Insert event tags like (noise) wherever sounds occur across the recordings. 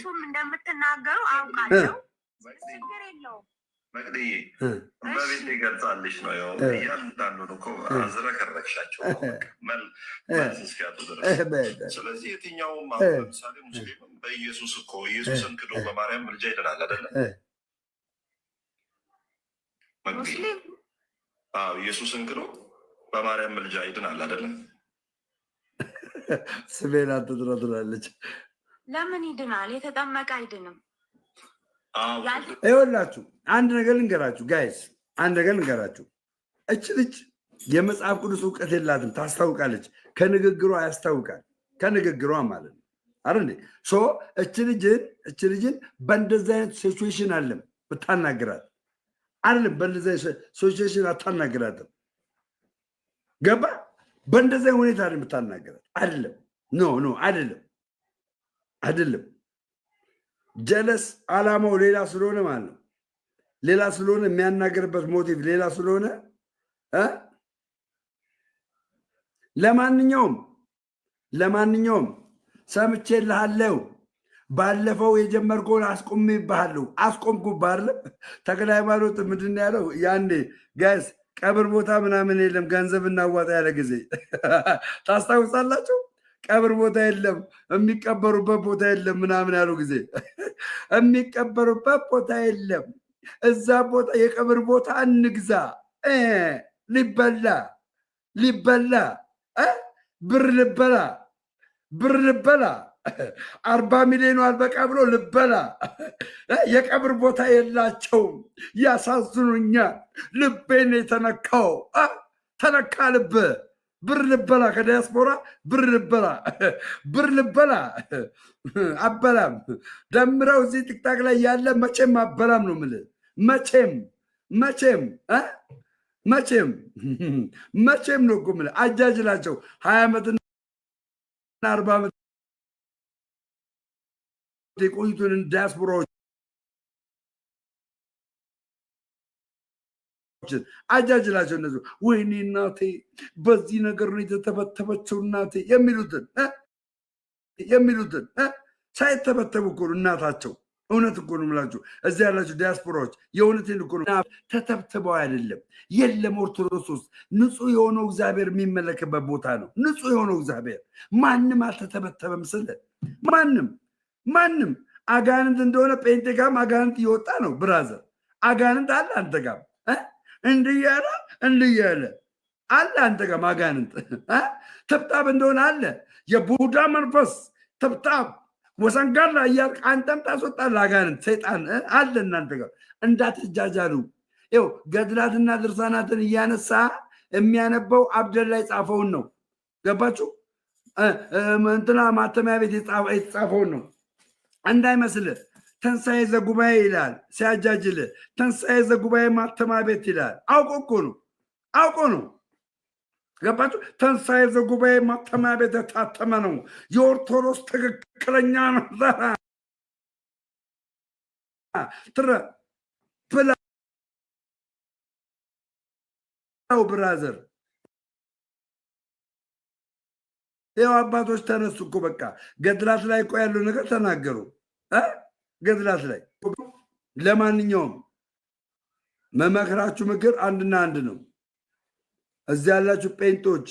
ሁላችሁም እንደምትናገሩ አውቃለሁ። ችግር የለውም። መቅድዬ በቤት ይገልጻልሽ ነው ያው እያንዳንዱ እኮ አዝረከረክሻቸው መልስ እስኪያጡ ድረስ። ስለዚህ የትኛውም ለምሳሌ ሙስሊምም በኢየሱስ እኮ ኢየሱስን ክዶ በማርያም ምልጃ ይድናል አይደለም? ኢየሱስን ክዶ በማርያም ምልጃ ይድናል አይደለም? ስሜን አትጥረጥላለች ለምን ይድናል? የተጠመቀ አይድንም። ይኸውላችሁ አንድ ነገር ልንገራችሁ ጋይስ፣ አንድ ነገር ልንገራችሁ። እች ልጅ የመጽሐፍ ቅዱስ እውቀት የላትም፣ ታስታውቃለች። ከንግግሯ ያስታውቃል፣ ከንግግሯ ማለት ነው። አረ ሶ እች ልጅን እች ልጅን በእንደዚህ አይነት ሲቹዌሽን አለም ብታናግራት አለም፣ በእንደዚህ ሲቹዌሽን አታናግራትም። ገባ? በእንደዚህ ሁኔታ ብታናግራት አለም። ኖ ኖ አይደለም አይደለም። ጀለስ አላማው ሌላ ስለሆነ ማለት ነው። ሌላ ስለሆነ የሚያናገርበት ሞቲቭ ሌላ ስለሆነ ለማንኛውም ለማንኛውም ሰምቼልሃለሁ። ባለፈው የጀመርከውን አስቆም ይባሃለሁ። አስቆምኩ ባለ ተክለ ሃይማኖት ምንድን ነው ያለው? ያኔ ጋይስ ቀብር ቦታ ምናምን የለም ገንዘብ እናዋጣ ያለ ጊዜ (laughs) ታስታውሳላችሁ? ቀብር ቦታ የለም፣ የሚቀበሩበት ቦታ የለም ምናምን ያሉ ጊዜ (laughs) የሚቀበሩበት ቦታ የለም። እዛ ቦታ የቀብር ቦታ እንግዛ፣ ሊበላ ሊበላ ብር ልበላ ብር ልበላ አርባ ሚሊዮን አልበቃ ብሎ ልበላ። የቀብር ቦታ የላቸውም፣ ያሳዝኑኛ። ልቤን የተነካው ተነካ ልብ ብር ልበላ ከዲያስፖራ ብር ልበላ ብር ልበላ አበላም ደምረው እዚህ ቲክታክ ላይ ያለ መቼም አበላም ነው ምል መቼም መቼም መቼም መቼም ነው እኮ የምልህ። አጃጅላቸው ሀያ ዓመትና አርባ ዓመት የቆዩትን ዲያስፖራዎች አጃጅላቸው እነሱ ወይኔ እናቴ በዚህ ነገር ነው የተተበተበችው እናቴ የሚሉትን የሚሉትን ሳይተበተቡ እኮ እናታቸው። እውነት እኮ ነው የምላችሁ እዚ ያላችሁ ዲያስፖራዎች የእውነቴን እኮ ነው። ተተብትበው አይደለም የለም። ኦርቶዶክስ ውስጥ ንጹህ የሆነው እግዚአብሔር የሚመለክበት ቦታ ነው። ንጹህ የሆነው እግዚአብሔር ማንም አልተተበተበም። ስለ ማንም ማንም አጋንንት እንደሆነ ጴንጤ ጋም አጋንንት እየወጣ ነው። ብራዘር አጋንንት አለ አንተ ጋም እንድያለ እንድያለ አለ አንተ ጋር ማጋንንት ትብታብ እንደሆነ አለ የቡዳ መንፈስ ትብታብ ወሰንጋላ እያል አንተም ታስወጣለህ አጋንንት ሰይጣን አለ እናንተ ጋር እንዳትጃጃሉ ው ገድላትና ድርሳናትን እያነሳ የሚያነበው አብደላ ጻፈውን ነው ገባችሁ እንትና ማተሚያ ቤት የተጻፈውን ነው እንዳይመስልህ ተንሳኤ ዘጉባኤ ይላል ሲያጃጅል፣ ተንሳኤ ዘጉባኤ ማተማ ቤት ይላል። አውቆ እኮ ነው አውቆ ነው። ገባችሁ? ተንሳኤ ዘጉባኤ ማተማ ቤት የታተመ ነው። የኦርቶዶክስ ትክክለኛ ነው። ዘራ ትረ ብላው ብራዘር ይኸው አባቶች ተነሱ እኮ በቃ ገድላት ላይ እኮ ያለው ነገር ተናገሩ። ገድላት ላይ ለማንኛውም መመክራችሁ ምክር አንድና አንድ ነው። እዚያ ያላችሁ ጴንጦች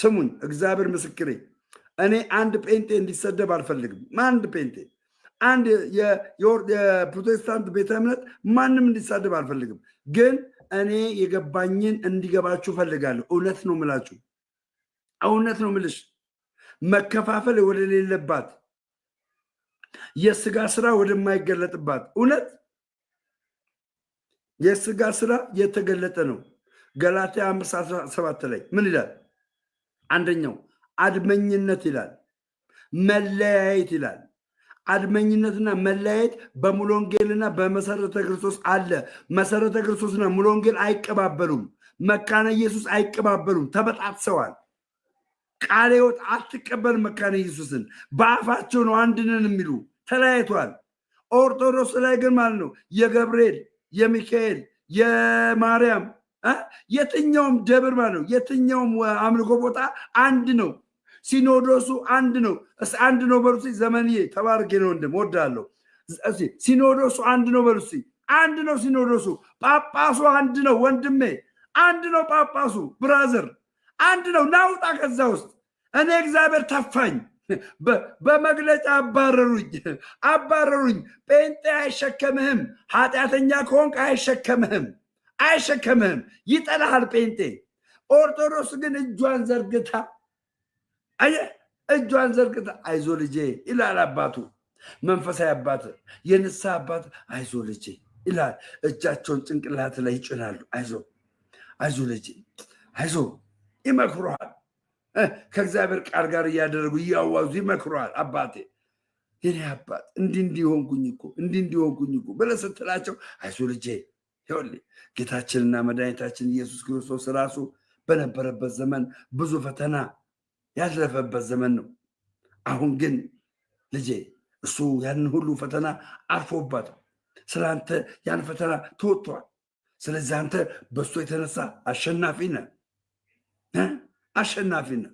ስሙኝ፣ እግዚአብሔር ምስክሬ፣ እኔ አንድ ጴንጤ እንዲሰደብ አልፈልግም። አንድ ጴንጤ፣ አንድ የፕሮቴስታንት ቤተ እምነት ማንም እንዲሳደብ አልፈልግም። ግን እኔ የገባኝን እንዲገባችሁ ፈልጋለሁ። እውነት ነው ምላችሁ፣ እውነት ነው ምልሽ መከፋፈል ወደሌለባት የስጋ ስራ ወደማይገለጥባት እውነት የስጋ ስራ የተገለጠ ነው። ገላትያ አምስት አስራ ሰባት ላይ ምን ይላል? አንደኛው አድመኝነት ይላል፣ መለያየት ይላል። አድመኝነትና መለያየት በሙሉ ወንጌልና በመሰረተ ክርስቶስ አለ። መሰረተ ክርስቶስና ሙሉ ወንጌል አይቀባበሉም። መካነ ኢየሱስ አይቀባበሉም። ተበጣጥሰዋል። ቃለ ሕይወት አትቀበል መካነ ኢየሱስን በአፋቸው ነው አንድነን የሚሉ ተለያይቷል። ኦርቶዶክስ ላይ ግን ማለት ነው የገብርኤል የሚካኤል የማርያም የትኛውም ደብር ማለት ነው የትኛውም አምልኮ ቦታ አንድ ነው። ሲኖዶሱ አንድ ነው። አንድ ነው በሉ ዘመንዬ፣ ተባርጌ ነው ወንድም ወዳለሁ። ሲኖዶሱ አንድ ነው በሉ አንድ ነው ሲኖዶሱ። ጳጳሱ አንድ ነው ወንድሜ፣ አንድ ነው ጳጳሱ ብራዘር አንድ ነው። ናውጣ ከዛ ውስጥ እኔ እግዚአብሔር ተፋኝ። በመግለጫ አባረሩኝ አባረሩኝ። ጴንጤ አይሸከምህም፣ ኃጢአተኛ ከሆንክ አይሸከምህም አይሸከምህም፣ ይጠላሃል ጴንጤ። ኦርቶዶክስ ግን እጇን ዘርግታ እጇን ዘርግታ አይዞ ልጄ ይላል አባቱ፣ መንፈሳዊ አባት፣ የንስሐ አባት አይዞ ልጄ ይላል። እጃቸውን ጭንቅላት ላይ ይጭናሉ። አይዞ አይዞ ልጄ አይዞ ይመክሯል። ከእግዚአብሔር ቃል ጋር እያደረጉ እያዋዙ ይመክሯል። አባቴ የኔ አባት እንዲህ እንዲሆንኩኝ እኮ እንዲህ እንዲሆንኩኝ እኮ ብለህ ስትላቸው ልጄ ይኸውልህ ጌታችንና መድኃኒታችን ኢየሱስ ክርስቶስ ራሱ በነበረበት ዘመን ብዙ ፈተና ያለፈበት ዘመን ነው። አሁን ግን ልጄ እሱ ያንን ሁሉ ፈተና አልፎበታል። ስለ አንተ ያን ፈተና ተወጥቷል። ስለዚህ አንተ በእሱ የተነሳ አሸናፊ ነህ። አሸናፊ ነው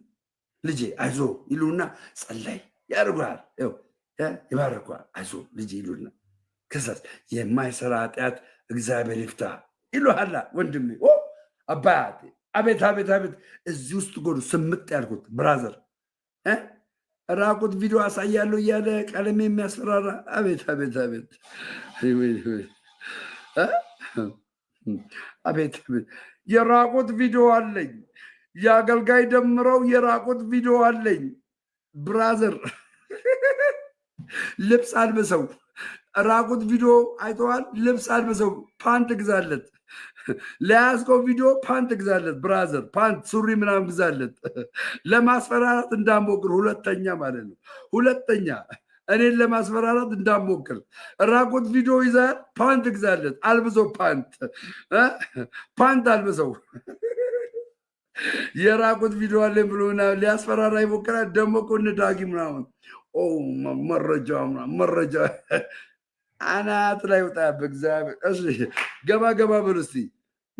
ልጄ አይዞ ይሉና ጸላይ ያደርጉሃል፣ ይባርኩሃል። አይዞ ልጄ ይሉና ከዛስ የማይሰራ ኃጢአት እግዚአብሔር ይፍታ ይሉሃላ። ወንድሜ አባቴ፣ አቤት አቤት አቤት! እዚህ ውስጥ ጎዱ ስምጥ ያልኩት ብራዘር ራቁት ቪዲዮ አሳያለሁ እያለ ቀለሜ የሚያስፈራራ አቤት አቤት አቤት አቤት አቤት! የራቁት ቪዲዮ አለኝ የአገልጋይ ደምረው የራቁት ቪዲዮ አለኝ። ብራዘር (laughs) ልብስ አልብሰው ራቁት ቪዲዮ አይተዋል። ልብስ አልብሰው ፓንት ግዛለት፣ (laughs) ለያዝከው ቪዲዮ ፓንት ግዛለት። ብራዘር ፓንት ሱሪ ምናምን ግዛለት። (laughs) ለማስፈራራት እንዳሞክር ሁለተኛ ማለት ነው። ሁለተኛ እኔን ለማስፈራራት እንዳሞክር ራቁት ቪዲዮ ይዛል። ፓንት ግዛለት፣ አልብሰው ፓንት ፓንት አልብሰው የራቁት ቪዲዮ አለኝ ብሎ ሊያስፈራራ ይሞክራል። ደግሞ እኮ ዳጊ ምናምን መረጃ መረጃ አናት ላይ ወጣ። በእግዚአብሔር ገባ ገባ በሉ እስኪ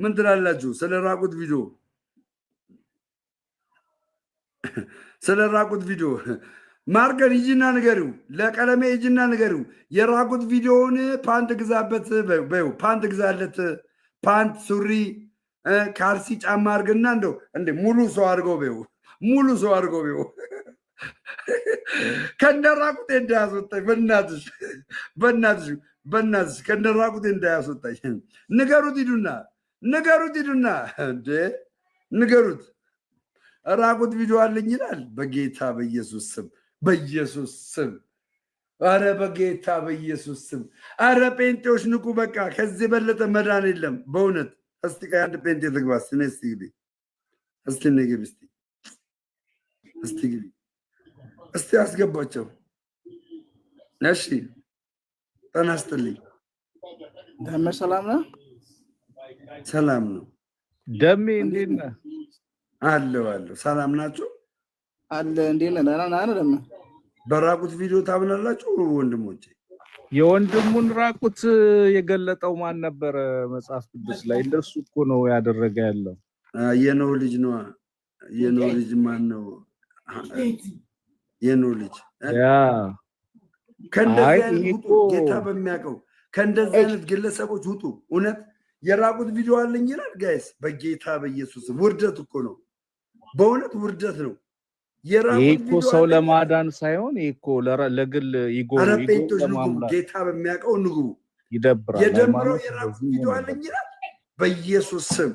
ምን ትላላችሁ ስለ ራቁት ቪዲዮ? ስለ ራቁት ቪዲዮ ማርገን ሂጂና ንገሪው፣ ለቀለሜ ሂጂና ንገሪው። የራቁት ቪዲዮውን ፓንት ግዛበት በይው፣ ፓንት ግዛለት፣ ፓንት ሱሪ ካልሲ ጫማ አድርግና እንደው እንደ ሙሉ ሰው አድርገው ቤው ሙሉ ሰው አድርገው ቤው (laughs) ከነራቁቴ እንዳያስወጣኝ በናትሽ በናትሽ በናትሽ ከነራቁቴ እንዳያስወጣኝ። (laughs) ንገሩት ሂዱና ንገሩት ሂዱና (laughs) እንዴ ንገሩት ራቁት ቪዲዮ አለኝ ይላል። በጌታ በኢየሱስ ስም በኢየሱስ ስም አረ በጌታ በኢየሱስ ስም አረ ጴንጤዎች ንቁ! በቃ ከዚህ የበለጠ መዳን የለም በእውነት እስቲ ቆይ አንድ ፔንት ልግባ። ስነ እስቲ ግቢ፣ እስቲ ንግብ፣ እስቲ እስቲ ግቢ፣ እስቲ አስገባቸው። እሺ፣ ጤና ይስጥልኝ። ደሜ ሰላም ነው? ሰላም ነው ደሜ። እንዴት ነህ? አለሁ አለሁ። ሰላም ናቸው አለ። እንዴት ነህ? ደህና ነህ? ደህና በራቁት ቪዲዮ ታምናላችሁ ወንድሞቼ? የወንድሙን ራቁት የገለጠው ማን ነበረ? መጽሐፍ ቅዱስ ላይ እንደሱ እኮ ነው ያደረገ ያለው የኖህ ልጅ ነዋ። የኖህ ልጅ ማን ነው? የኖህ ልጅ ጌታ በሚያውቀው ከእንደዚህ አይነት ግለሰቦች ውጡ። እውነት የራቁት ቪዲዮ አለኝ ይላል ጋይስ። በጌታ በኢየሱስ ውርደት እኮ ነው፣ በእውነት ውርደት ነው። ይሄ ሰው ለማዳን ሳይሆን ይሄ ለግል ይጎ ጌታ በሚያውቀው ንግሩ ይደብራል። የደምረው የራሱ ቪዲዮ አለኝ ይላል። በኢየሱስ ስም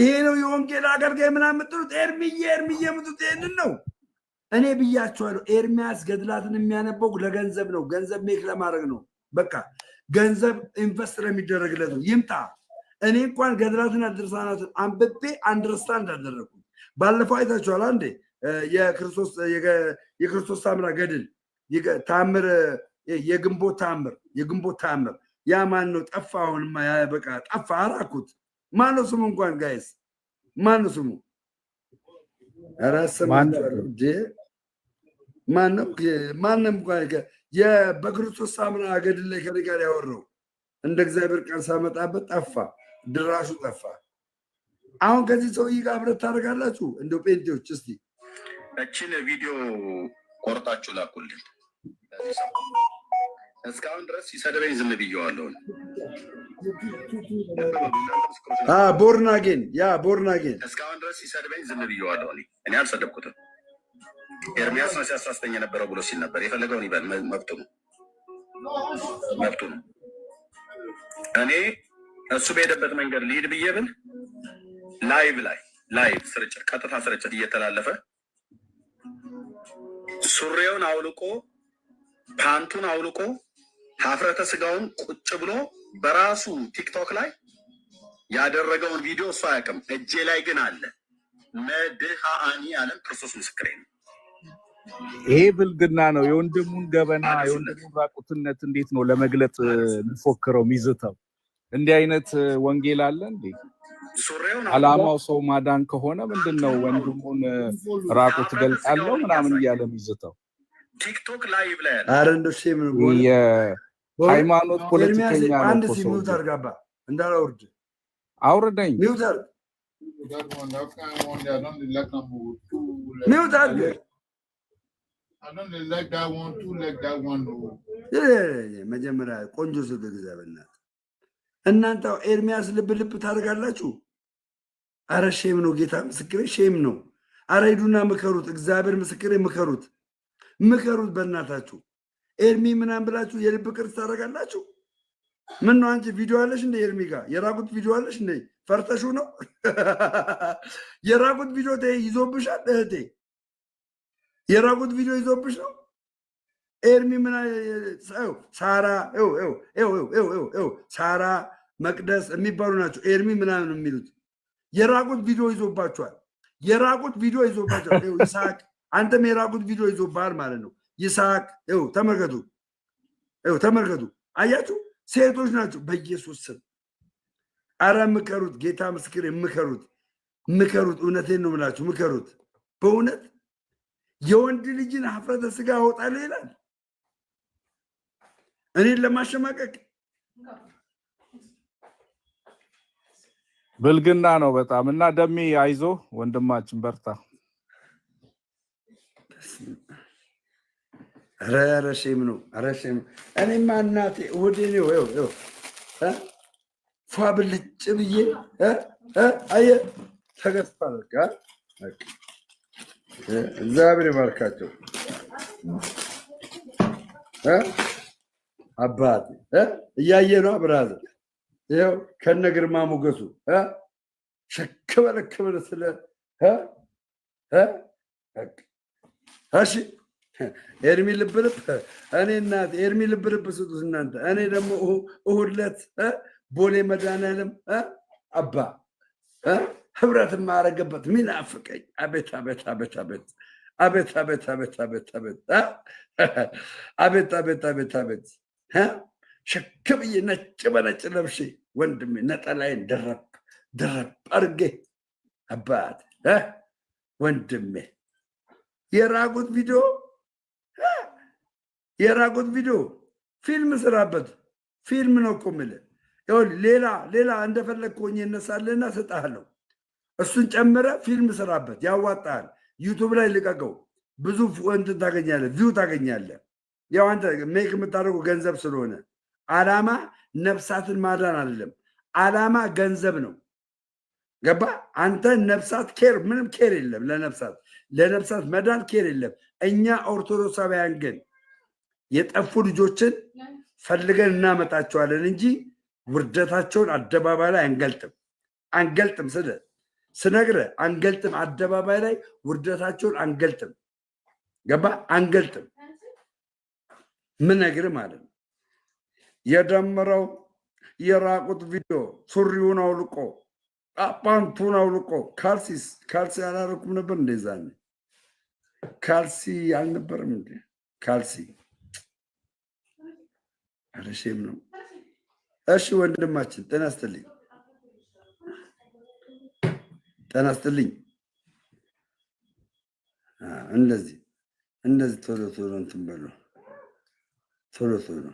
ይሄ ነው የወንጌል አገልጋይ ምናምን የምትሉት ኤርሚዬ ኤርሚዬ የምትሉት ይህንን ነው። እኔ ብያቸዋለሁ። ኤርሚያስ ገድላትን የሚያነበው ለገንዘብ ነው፣ ገንዘብ ሜክ ለማድረግ ነው። በቃ ገንዘብ ኢንቨስት ለሚደረግለት ነው። ይምጣ። እኔ እንኳን ገድላትን ድርሳናትን አንብቤ አንደርስታንድ አደረግኩ። ባለፈው አይታችኋል አንዴ የክርስቶስ ታምራ ገድል ታምር የግንቦ ታምር የግንቦ ታምር ያ ማን ነው? ጠፋ። አሁንማ ያ በቃ ጠፋ። አራኩት ማን ነው ስሙ? እንኳን ጋይስ ማን ነው ስሙ? ማንም በክርስቶስ ሳምና ገድል ላይ ከኔ ጋር ያወራው እንደ እግዚአብሔር ቃል ሳመጣበት ጠፋ፣ ድራሹ ጠፋ። አሁን ከዚህ ሰውዬ ጋር አብረት ታደርጋላችሁ እንደ ጴንቴዎች እስቲ እችን ቪዲዮ ቆርጣችሁ ላኩልን። እስካሁን ድረስ ሲሰድበኝ ዝም ብየዋለሁን። ቦርናጌን ያ ቦርናጌን እስካሁን ድረስ ሲሰድበኝ ዝም ብየዋለሁ። እኔ አልሰደብኩትም። ኤርሚያስ ነው ሲያሳስተኝ የነበረው ብሎ ሲል ነበር። የፈለገውን ይበል፣ መብቱ ነው፣ መብቱ ነው። እኔ እሱ በሄደበት መንገድ ልሂድ ብዬ ብል ላይቭ ላይ ላይቭ ስርጭት፣ ቀጥታ ስርጭት እየተላለፈ ሱሪውን አውልቆ ፓንቱን አውልቆ ሀፍረተ ስጋውን ቁጭ ብሎ በራሱ ቲክቶክ ላይ ያደረገውን ቪዲዮ እሱ አያውቅም። እጄ ላይ ግን አለ። መድሃኒ አለም ክርስቶስ ምስክሬ ነው። ይሄ ብልግና ነው። የወንድሙን ገበና የወንድሙን ራቁትነት እንዴት ነው ለመግለጥ የሚፎክረው ሚዝተው እንዲህ አይነት ወንጌል አለ እንዴ? አላማው ሰው ማዳን ከሆነ ምንድን ነው ወንድሙን ራቁ ትገልጣለው ምናምን እያለ ሚዝተው የሃይማኖት ፖለቲከኛ ነው። እንዳላውርድ አውርደኝ መጀመሪያ ቆንጆ ስብ ግዛ በናትህ እናንተ ኤርሚያስ ልብ ልብ ታደርጋላችሁ። አረ ሼም ነው። ጌታ ምስክሬ ሼም ነው። አረ ሂዱና ምከሩት። እግዚአብሔር ምስክሬ ምከሩት፣ ምከሩት በእናታችሁ ኤርሚ ምናምን ብላችሁ የልብ ቅርጽ ታደርጋላችሁ። ምን ነው አንቺ ቪዲዮ አለሽ እንደ ኤርሚ ጋር የራቁት ቪዲዮ አለሽ እንደ ፈርተሹ ነው (laughs) የራቁት ቪዲዮ ይዞብሻል እህቴ፣ የራቁት ቪዲዮ ይዞብሽ ነው ኤርሚ ምና ሳራ ሳራ መቅደስ የሚባሉ ናቸው ኤርሚ ምናምን የሚሉት የራቁት ቪዲዮ ይዞባቸዋል። የራቁት ቪዲዮ ይዞባቸዋል። ይስሐቅ አንተም የራቁት ቪዲዮ ይዞባል ማለት ነው። ይስሐቅ ው ተመልከቱ፣ ው ተመልከቱ። አያችሁ ሴቶች ናቸው። በኢየሱስ ስም አረ ምከሩት፣ ጌታ ምስክር ምከሩት፣ ምከሩት። እውነቴን ነው የምላችሁ፣ ምከሩት በእውነት የወንድ ልጅን ሀፍረተ ስጋ አወጣለሁ ይላል እኔን ለማሸማቀቅ ብልግና ነው በጣም እና ደሜ አይዞ ወንድማችን በርታ። ረረሽም ነው ረሽም እኔማ እናቴ ውድ ነው ፏ ብልጭ ብዬ አየ ተገዝቷል። እግዚአብሔር ይባርካቸው አባቴ እያየ ነው ብራዘር ይኸው ከነ ግርማ ሞገሱ ሸክበለክብር ስለ እሺ ኤርሚ ልብልብ እኔ እናት ኤርሚ ልብልብ ስጡት እናንተ። እኔ ደግሞ እሑድ ዕለት ቦሌ መድኃኒዓለም አባ ህብረት የማረገበት ምን አፍቀኝ። አቤት አቤት አቤት አቤት አቤት አቤት አቤት አቤት አቤት አቤት አቤት አቤት አቤት ሸክብዬ ነጭ በነጭ ለብሼ ወንድሜ ነጠላዬን ደረብ ደረብ አርጌ አባት ወንድሜ የራቁት ቪዲዮ የራቁት ቪዲዮ ፊልም ስራበት። ፊልም ነው እኮ የምልህ። ሌላ ሌላ እንደፈለግ ከሆኜ እነሳልህና ስጥሃለሁ። እሱን ጨምረ ፊልም ስራበት፣ ያዋጣል ዩቱብ ላይ ልቀቀው፣ ብዙ እንትን ታገኛለህ፣ ቪው ታገኛለህ። ያው አንተ ሜክ የምታደርገው ገንዘብ ስለሆነ አላማ ነፍሳትን ማዳን አይደለም። አላማ ገንዘብ ነው። ገባ? አንተ ነፍሳት ኬር ምንም ኬር የለም ለነፍሳት ለነፍሳት መዳን ኬር የለም። እኛ ኦርቶዶክሳውያን ግን የጠፉ ልጆችን ፈልገን እናመጣቸዋለን እንጂ ውርደታቸውን አደባባይ ላይ አንገልጥም። አንገልጥም ስለ ስነግረ አንገልጥም። አደባባይ ላይ ውርደታቸውን አንገልጥም። ገባ? አንገልጥም ምነግር ማለት ነው። የደምረው የራቁት ቪዲዮ ሱሪውን አውልቆ ፓንቱን አውልቆ ካልሲስ ካልሲ አላረኩም ነበር እንደዛ ካልሲ አልነበርም እ ካልሲ አረሼም ነው። እሺ ወንድማችን ጤና ይስጥልኝ፣ ጤና ይስጥልኝ። እንደዚህ እንደዚህ ቶሎ ቶሎ እንትን በሉ ቶሎ ቶሎ